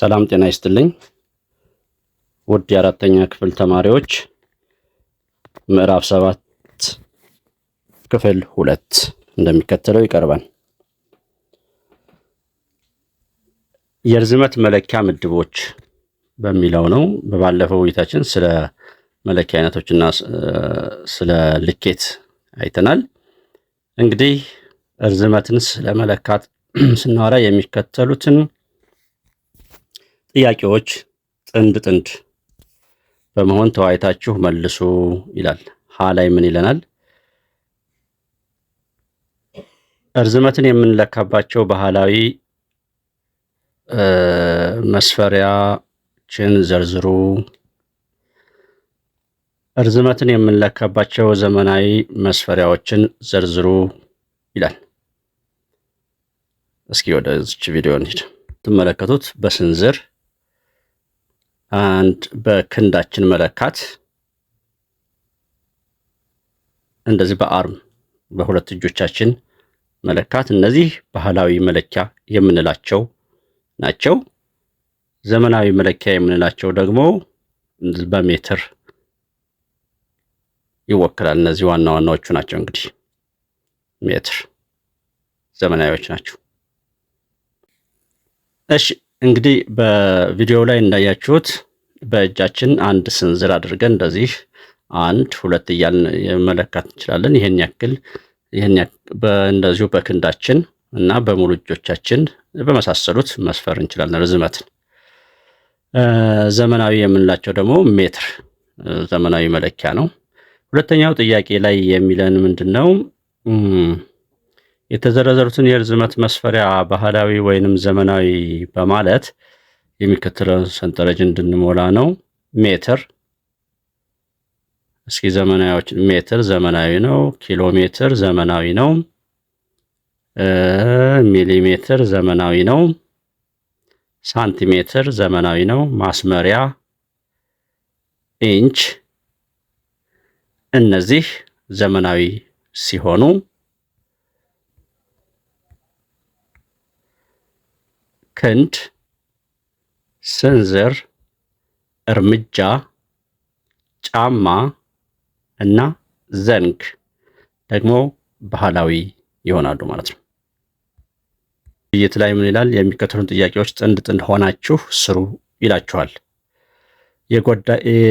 ሰላም ጤና ይስጥልኝ ውድ የአራተኛ ክፍል ተማሪዎች ምዕራፍ ሰባት ክፍል ሁለት እንደሚከተለው ይቀርባል። የርዝመት መለኪያ ምድቦች በሚለው ነው። በባለፈው ውይይታችን ስለ መለኪያ አይነቶችና ስለ ልኬት አይተናል። እንግዲህ እርዝመትን ስለመለካት ስናወራ የሚከተሉትን ጥያቄዎች ጥንድ ጥንድ በመሆን ተወያይታችሁ መልሱ ይላል። ሀ ላይ ምን ይለናል? እርዝመትን የምንለካባቸው ባህላዊ መስፈሪያችን ዘርዝሩ። እርዝመትን የምንለካባቸው ዘመናዊ መስፈሪያዎችን ዘርዝሩ ይላል። እስኪ ወደ ቪዲዮ እንሂድ። ትመለከቱት በስንዝር አንድ በክንዳችን መለካት እንደዚህ በአርም በሁለት እጆቻችን መለካት። እነዚህ ባህላዊ መለኪያ የምንላቸው ናቸው። ዘመናዊ መለኪያ የምንላቸው ደግሞ በሜትር ይወክላል። እነዚህ ዋና ዋናዎቹ ናቸው። እንግዲህ ሜትር ዘመናዊዎች ናቸው። እሺ እንግዲህ በቪዲዮ ላይ እንዳያችሁት በእጃችን አንድ ስንዝር አድርገን እንደዚህ አንድ ሁለት እያልን መለካት እንችላለን። ይህን ያክል እንደዚሁ በክንዳችን እና በሙሉ እጆቻችን በመሳሰሉት መስፈር እንችላለን ርዝመትን። ዘመናዊ የምንላቸው ደግሞ ሜትር ዘመናዊ መለኪያ ነው። ሁለተኛው ጥያቄ ላይ የሚለን ምንድን ነው? የተዘረዘሩትን የርዝመት መስፈሪያ ባህላዊ ወይንም ዘመናዊ በማለት የሚከተለውን ሰንጠረዥ እንድንሞላ ነው። ሜትር እስኪ ዘመናዊዎች ሜትር ዘመናዊ ነው። ኪሎ ሜትር ዘመናዊ ነው። ሚሊሜትር ዘመናዊ ነው። ሳንቲሜትር ዘመናዊ ነው። ማስመሪያ ኢንች፣ እነዚህ ዘመናዊ ሲሆኑ ክንድ ስንዝር፣ እርምጃ፣ ጫማ እና ዘንግ ደግሞ ባህላዊ ይሆናሉ ማለት ነው። ውይይት ላይ ምን ይላል? የሚከተሉን ጥያቄዎች ጥንድ ጥንድ ሆናችሁ ስሩ ይላችኋል።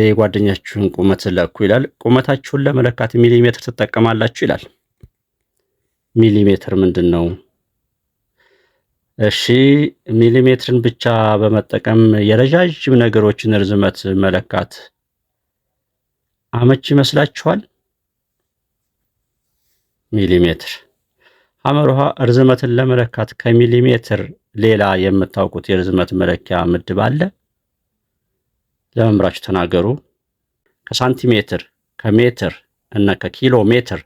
የጓደኛችሁን ቁመት ለኩ ይላል። ቁመታችሁን ለመለካት ሚሊሜትር ትጠቀማላችሁ ይላል። ሚሊሜትር ምንድን ነው? እሺ ሚሊሜትርን ብቻ በመጠቀም የረዣዥም ነገሮችን ርዝመት መለካት አመች ይመስላችኋል? ሚሊሜትር ሐመርሃ እርዝመትን ለመለካት ከሚሊሜትር ሌላ የምታውቁት የርዝመት መለኪያ ምድብ አለ? ለመምራች ተናገሩ። ከሳንቲሜትር ከሜትር እና ከኪሎ ሜትር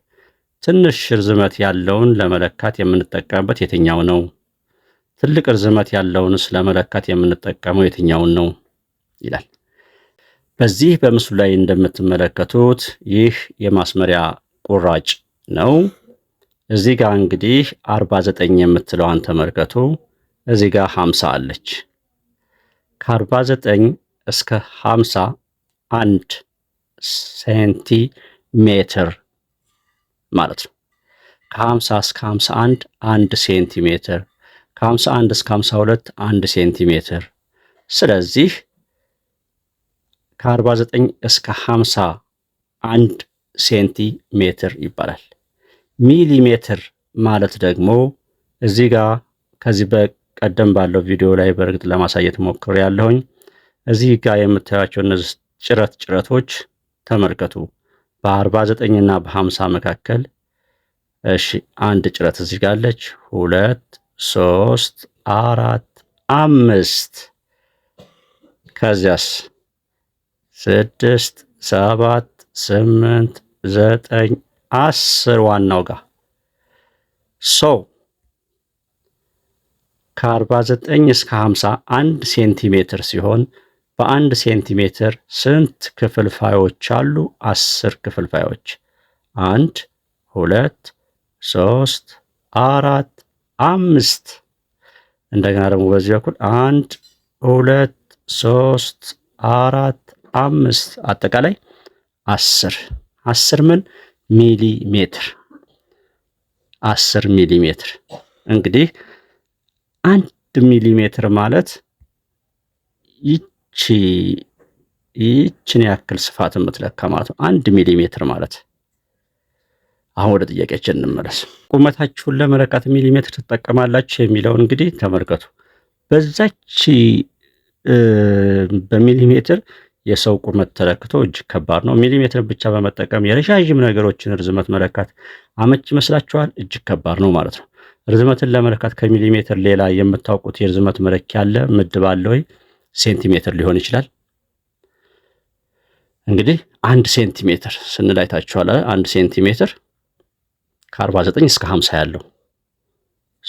ትንሽ ርዝመት ያለውን ለመለካት የምንጠቀምበት የትኛው ነው? ትልቅ ርዝመት ያለውንስ ለመለካት የምንጠቀመው የትኛውን ነው ይላል። በዚህ በምስሉ ላይ እንደምትመለከቱት ይህ የማስመሪያ ቁራጭ ነው። እዚህ ጋር እንግዲህ 49 የምትለዋን ተመልከቱ። እዚህ ጋር 50 አለች። ከ49 እስከ 50 አንድ ሴንቲሜትር ማለት ነው። ከ50 እስከ 51 አንድ ሴንቲሜትር ከ51 እስከ 52 1 ሴንቲሜትር። ስለዚህ ከ49 እስከ 50 1 ሴንቲሜትር ይባላል። ሚሊሜትር ማለት ደግሞ እዚህ ጋር ከዚህ በቀደም ባለው ቪዲዮ ላይ በእርግጥ ለማሳየት ሞክር ያለሁኝ እዚህ ጋር የምታያቸው እነዚህ ጭረት ጭረቶች ተመልከቱ። በ49 እና በ50 መካከል እሺ፣ አንድ ጭረት እዚህ ጋር አለች። ሁለት ሶስት፣ አራት፣ አምስት ከዚያስ ስድስት፣ ሰባት፣ ስምንት፣ ዘጠኝ፣ አስር ዋናው ጋር ሰው ከአርባ ዘጠኝ እስከ ሀምሳ አንድ ሴንቲሜትር ሲሆን በአንድ ሴንቲሜትር ስንት ክፍልፋዮች አሉ? አስር ክፍልፋዮች። አንድ ሁለት ሶስት አራት አምስት እንደገና ደግሞ በዚህ በኩል አንድ ሁለት ሶስት አራት አምስት አጠቃላይ አስር አስር ምን ሚሊ ሜትር አስር ሚሊ ሜትር እንግዲህ አንድ ሚሊ ሜትር ማለት ይቺ ይችን ያክል ስፋት የምትለካ ማለት ነው። አንድ ሚሊ ሜትር ማለት አሁን ወደ ጥያቄያችን እንመለስ። ቁመታችሁን ለመለካት ሚሊሜትር ትጠቀማላችሁ የሚለውን እንግዲህ ተመልከቱ። በዛች በሚሊሜትር የሰው ቁመት ተለክቶ እጅግ ከባድ ነው። ሚሊሜትር ብቻ በመጠቀም የረዣዥም ነገሮችን ርዝመት መለካት አመች ይመስላችኋል? እጅግ ከባድ ነው ማለት ነው። ርዝመትን ለመለካት ከሚሊሜትር ሌላ የምታውቁት የርዝመት መለኪያ አለ? ምድብ አለ ወይ? ሴንቲሜትር ሊሆን ይችላል። እንግዲህ አንድ ሴንቲሜትር ስንል አይታችኋል። አንድ ሴንቲሜትር ከ49 እስከ 50 ያለው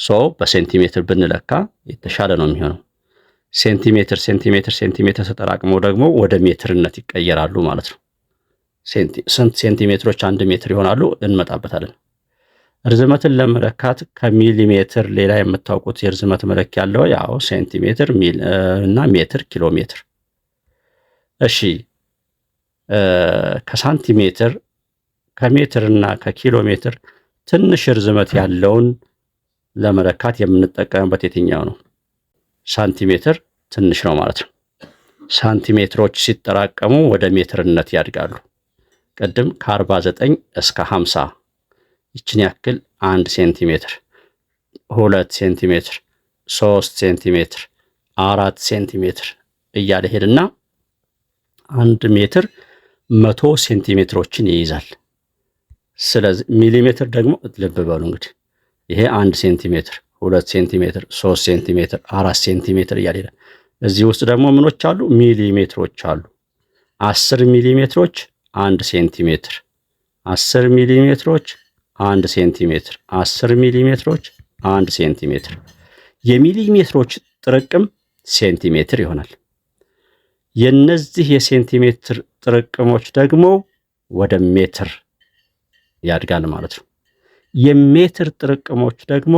ሶ በሴንቲሜትር ብንለካ የተሻለ ነው የሚሆነው። ሴንቲሜትር ሴንቲሜትር ሴንቲሜትር ተጠራቅመው ደግሞ ወደ ሜትርነት ይቀየራሉ ማለት ነው። ስንት ሴንቲሜትሮች አንድ ሜትር ይሆናሉ? እንመጣበታለን። ርዝመትን ለመለካት ከሚሊሜትር ሌላ የምታውቁት የርዝመት መለኪ ያለው ያው ሴንቲሜትር እና ሜትር፣ ኪሎ ሜትር። እሺ ከሳንቲሜትር ከሜትርና ከኪሎ ሜትር ትንሽ ርዝመት ያለውን ለመለካት የምንጠቀምበት የትኛው ነው? ሳንቲሜትር ትንሽ ነው ማለት ነው። ሳንቲሜትሮች ሲጠራቀሙ ወደ ሜትርነት ያድጋሉ። ቅድም ከ49 እስከ 50 ይችን ያክል አንድ ሴንቲሜትር፣ ሁለት ሴንቲሜትር፣ ሶስት ሴንቲሜትር፣ አራት ሴንቲሜትር እያለ ሄድና አንድ ሜትር መቶ ሴንቲሜትሮችን ይይዛል። ስለዚህ ሚሊሜትር ደግሞ ልብ በሉ እንግዲህ ይሄ አንድ ሴንቲሜትር፣ ሁለት ሴንቲሜትር፣ ሶስት ሴንቲሜትር፣ አራት ሴንቲሜትር እያለ ይላል። እዚህ ውስጥ ደግሞ ምኖች አሉ? ሚሊሜትሮች አሉ። አስር ሚሊሜትሮች አንድ ሴንቲሜትር፣ አስር ሚሊሜትሮች አንድ ሴንቲሜትር፣ አስር ሚሊሜትሮች አንድ ሴንቲሜትር። የሚሊሜትሮች ጥርቅም ሴንቲሜትር ይሆናል። የነዚህ የሴንቲሜትር ጥርቅሞች ደግሞ ወደ ሜትር ያድጋል ማለት ነው። የሜትር ጥርቅሞች ደግሞ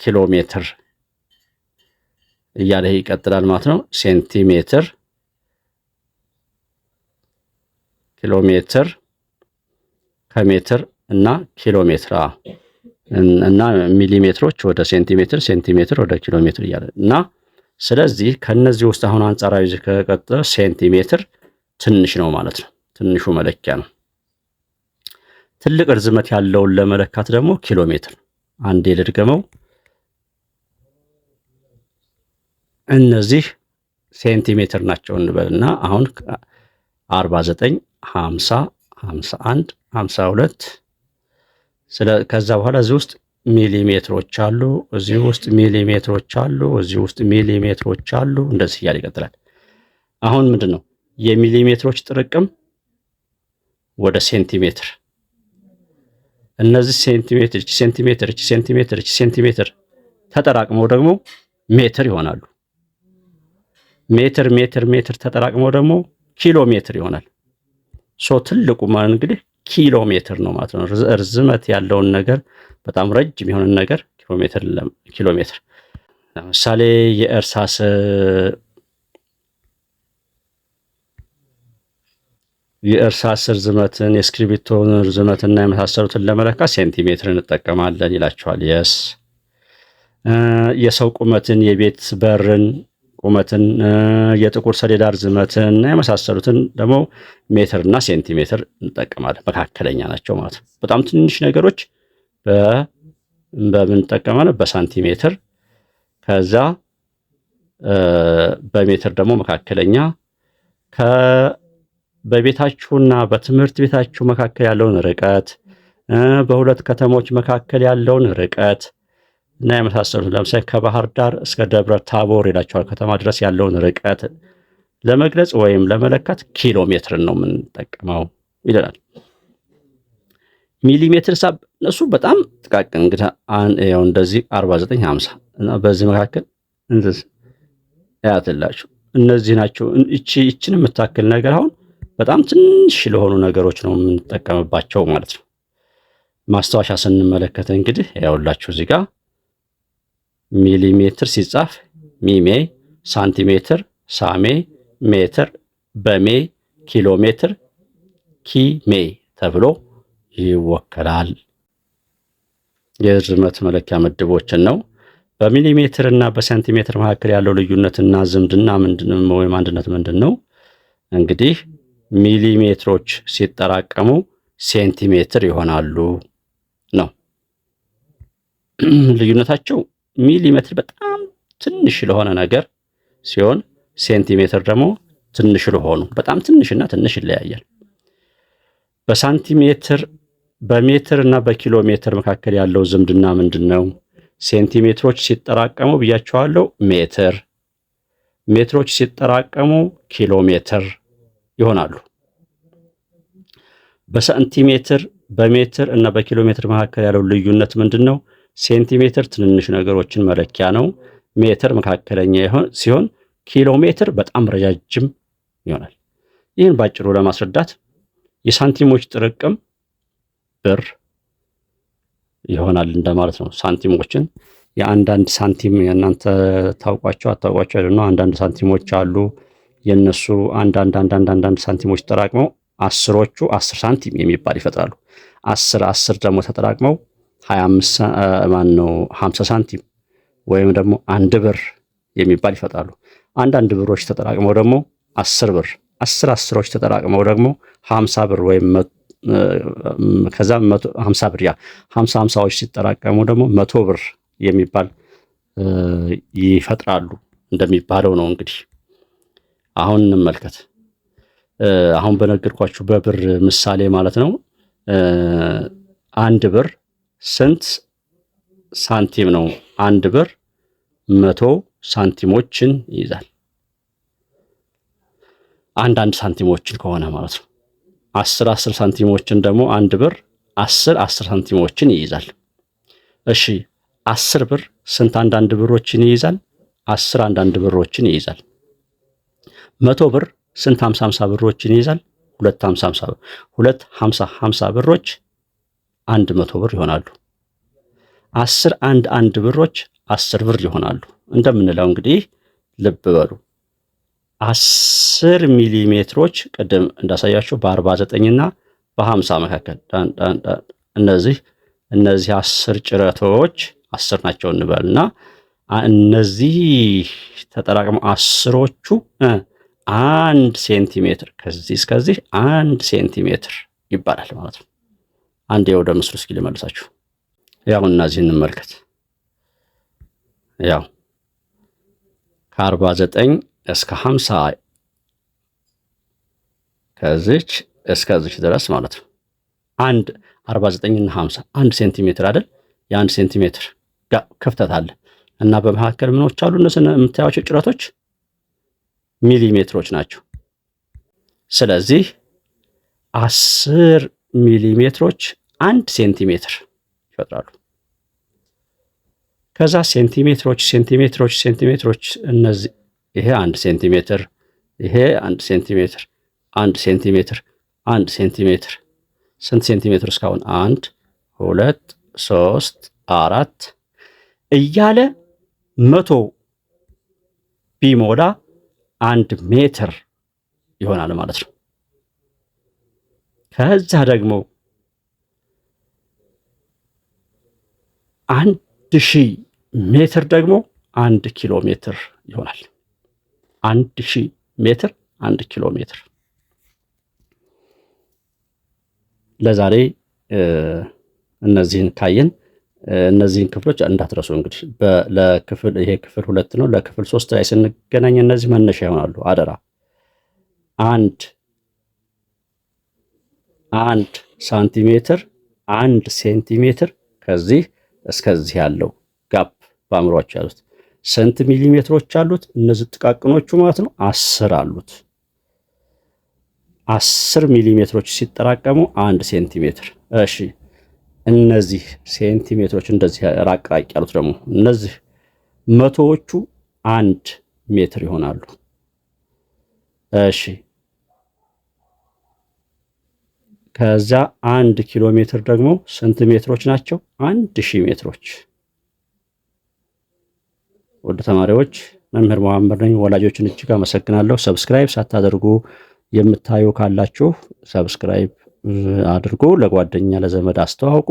ኪሎ ሜትር እያለ ይቀጥላል ማለት ነው። ሴንቲሜትር፣ ኪሎ ሜትር፣ ከሜትር እና ኪሎ ሜትር እና ሚሊሜትሮች ወደ ሴንቲሜትር፣ ሴንቲሜትር ወደ ኪሎ ሜትር እያለ እና ስለዚህ ከነዚህ ውስጥ አሁን አንጻራዊ ከቀጠለ ሴንቲሜትር ትንሽ ነው ማለት ነው። ትንሹ መለኪያ ነው። ትልቅ ርዝመት ያለውን ለመለካት ደግሞ ኪሎ ሜትር። አንዴ ልድገመው። እነዚህ ሴንቲሜትር ናቸው እንበልና አሁን 49 50 51 52 ስለ ከዛ በኋላ እዚህ ውስጥ ሚሊሜትሮች አሉ፣ እዚህ ውስጥ ሚሊሜትሮች አሉ፣ እዚህ ውስጥ ሚሊሜትሮች አሉ። እንደዚህ እያለ ይቀጥላል። አሁን ምንድን ነው የሚሊሜትሮች ጥርቅም ወደ ሴንቲሜትር እነዚህ ሴንቲሜትር እቺ ሴንቲሜትር እቺ ሴንቲሜትር እቺ ሴንቲሜትር ተጠራቅመው ደግሞ ሜትር ይሆናሉ። ሜትር ሜትር ሜትር ተጠራቅመው ደግሞ ኪሎ ሜትር ይሆናል። ሶ ትልቁ ማለት እንግዲህ ኪሎ ሜትር ነው ማለት ነው። ርዝመት ያለውን ነገር በጣም ረጅም የሆነን ነገር ኪሎ ሜትር ለምሳሌ የእርሳስ የእርሳስ ርዝመትን ዝመትን ርዝመትና የመሳሰሉትን ለመለካት ሴንቲሜትር እንጠቀማለን ይላቸዋል። የስ የሰው ቁመትን የቤት በርን ቁመትን የጥቁር ሰሌዳ ርዝመትን የመሳሰሉትን ደግሞ ሜትርና ሴንቲሜትር እንጠቀማለን። መካከለኛ ናቸው ማለት ነው። በጣም ትንሽ ነገሮች በምን በሳንቲሜትር ከዛ በሜትር ደግሞ መካከለኛ በቤታችሁና በትምህርት ቤታችሁ መካከል ያለውን ርቀት፣ በሁለት ከተሞች መካከል ያለውን ርቀት እና የመሳሰሉት ለምሳሌ ከባህር ዳር እስከ ደብረ ታቦር ይላቸዋል ከተማ ድረስ ያለውን ርቀት ለመግለጽ ወይም ለመለካት ኪሎ ሜትርን ነው የምንጠቀመው ይለናል። ሚሊሜትር ሳብ እነሱ በጣም ጥቃቅን እንግዲህ ያው እንደዚህ 49 50 እና በዚህ መካከል ያትላችሁ እነዚህ ናቸው። እቺን የምታክል ነገር አሁን በጣም ትንሽ ለሆኑ ነገሮች ነው የምንጠቀምባቸው ማለት ነው። ማስታወሻ ስንመለከት እንግዲህ ያውላችሁ እዚህ ጋር ሚሊሜትር ሲጻፍ ሚሜ፣ ሳንቲሜትር ሳሜ፣ ሜትር በሜ፣ ኪሎ ሜትር ኪሜ ተብሎ ይወከላል። የርዝመት መለኪያ ምድቦችን ነው። በሚሊሜትር እና በሳንቲሜትር መካከል ያለው ልዩነትና ዝምድና ወይም አንድነት ምንድን ነው? እንግዲህ ሚሊሜትሮች ሲጠራቀሙ ሴንቲሜትር ይሆናሉ ነው ልዩነታቸው። ሚሊሜትር በጣም ትንሽ ለሆነ ነገር ሲሆን ሴንቲሜትር ደግሞ ትንሽ ለሆኑ በጣም ትንሽና ትንሽ ይለያያል። በሳንቲሜትር በሜትር እና በኪሎ ሜትር መካከል ያለው ዝምድና ምንድን ነው? ሴንቲሜትሮች ሲጠራቀሙ ብያቸዋለሁ ሜትር፣ ሜትሮች ሲጠራቀሙ ኪሎ ሜትር ይሆናሉ። በሳንቲሜትር በሜትር እና በኪሎ ሜትር መካከል ያለው ልዩነት ምንድን ነው? ሴንቲሜትር ትንንሽ ነገሮችን መለኪያ ነው። ሜትር መካከለኛ ሲሆን፣ ኪሎ ሜትር በጣም ረጃጅም ይሆናል። ይህን በአጭሩ ለማስረዳት የሳንቲሞች ጥርቅም ብር ይሆናል እንደማለት ነው። ሳንቲሞችን የአንዳንድ ሳንቲም እናንተ ታውቋቸው አታውቋቸው አይደለም። አንዳንድ ሳንቲሞች አሉ የእነሱ አንዳንድ አንዳንድ አንዳንድ ሳንቲሞች ተጠራቅመው አስሮቹ አስር ሳንቲም የሚባል ይፈጥራሉ። አስር አስር ደግሞ ተጠራቅመው ሀያ ማን ነው ሀምሳ ሳንቲም ወይም ደግሞ አንድ ብር የሚባል ይፈጥራሉ። አንዳንድ ብሮች ተጠራቅመው ደግሞ አስር ብር አስር አስሮች ተጠራቅመው ደግሞ ሀምሳ ብር ወይም ከዛ ሀምሳ ብር ያ ሀምሳ ሀምሳዎች ሲጠራቀሙ ደግሞ መቶ ብር የሚባል ይፈጥራሉ እንደሚባለው ነው እንግዲህ አሁን እንመልከት። አሁን በነገርኳችሁ በብር ምሳሌ ማለት ነው። አንድ ብር ስንት ሳንቲም ነው? አንድ ብር መቶ ሳንቲሞችን ይይዛል። አንድ አንድ ሳንቲሞችን ከሆነ ማለት ነው። አስር አስር ሳንቲሞችን ደግሞ አንድ ብር አስር አስር ሳንቲሞችን ይይዛል። እሺ አስር ብር ስንት አንዳንድ ብሮችን ይይዛል? አስር አንዳንድ ብሮችን ይይዛል። መቶ ብር ስንት 50 50 ብሮችን ይይዛል? ሁለት 50 50 ሁለት 50 50 ብሮች አንድ መቶ ብር ይሆናሉ። አስር አንድ አንድ ብሮች አስር ብር ይሆናሉ። እንደምንለው እንግዲህ ልብ በሉ አስር ሚሊሜትሮች ቅድም እንዳሳያችሁ በአርባ ዘጠኝና በሀምሳ መካከል እነዚህ እነዚህ አስር ጭረቶች አስር ናቸው እንበልና እነዚህ ተጠራቅመው አስሮቹ አንድ ሴንቲሜትር ከዚህ እስከዚህ አንድ ሴንቲሜትር ይባላል ማለት ነው። አንድ ወደ ምስሉ እስኪ ልመልሳችሁ። ያው እናዚህ እንመልከት። ያው ከአርባ ዘጠኝ እስከ ሀምሳ ከዚች እስከዚች ድረስ ማለት ነው። አንድ አርባ ዘጠኝ እና ሀምሳ አንድ ሴንቲሜትር አይደል? የአንድ ሴንቲሜትር ክፍተት አለ እና በመካከል ምኖች አሉ እነዚህ የምታያቸው ጭረቶች ሚሊሜትሮች ናቸው። ስለዚህ አስር ሚሊሜትሮች አንድ ሴንቲሜትር ይፈጥራሉ። ከዛ ሴንቲሜትሮች ሴንቲሜትሮች ሴንቲሜትሮች እነዚህ ይሄ አንድ ሴንቲሜትር ይሄ አንድ ሴንቲሜትር አንድ ሴንቲሜትር አንድ ሴንቲሜትር ስንት ሴንቲሜትር እስካሁን አንድ ሁለት ሶስት አራት እያለ መቶ ቢሞላ አንድ ሜትር ይሆናል ማለት ነው። ከዛ ደግሞ አንድ ሺህ ሜትር ደግሞ አንድ ኪሎ ሜትር ይሆናል። አንድ ሺህ ሜትር አንድ ኪሎ ሜትር። ለዛሬ እነዚህን ካየን እነዚህን ክፍሎች እንዳትረሱ። እንግዲህ ለክፍል ይሄ ክፍል ሁለት ነው። ለክፍል ሶስት ላይ ስንገናኝ እነዚህ መነሻ ይሆናሉ። አደራ አንድ አንድ ሳንቲሜትር አንድ ሴንቲሜትር ከዚህ እስከዚህ ያለው ጋፕ በአእምሯቸው ያሉት ስንት ሚሊሜትሮች አሉት? እነዚህ ጥቃቅኖቹ ማለት ነው። አስር አሉት። አስር ሚሊሜትሮች ሲጠራቀሙ አንድ ሴንቲሜትር እሺ እነዚህ ሴንቲሜትሮች እንደዚህ ራቅራቅ ያሉት ደግሞ እነዚህ መቶዎቹ አንድ ሜትር ይሆናሉ። እሺ ከዛ አንድ ኪሎ ሜትር ደግሞ ስንት ሜትሮች ናቸው? አንድ ሺህ ሜትሮች። ወደ ተማሪዎች መምህር መሐመድ ነኝ። ወላጆችን እጅግ አመሰግናለሁ። ሰብስክራይብ ሳታደርጉ የምታዩ ካላችሁ ሰብስክራይብ አድርጎ ለጓደኛ ለዘመድ አስተዋውቁ።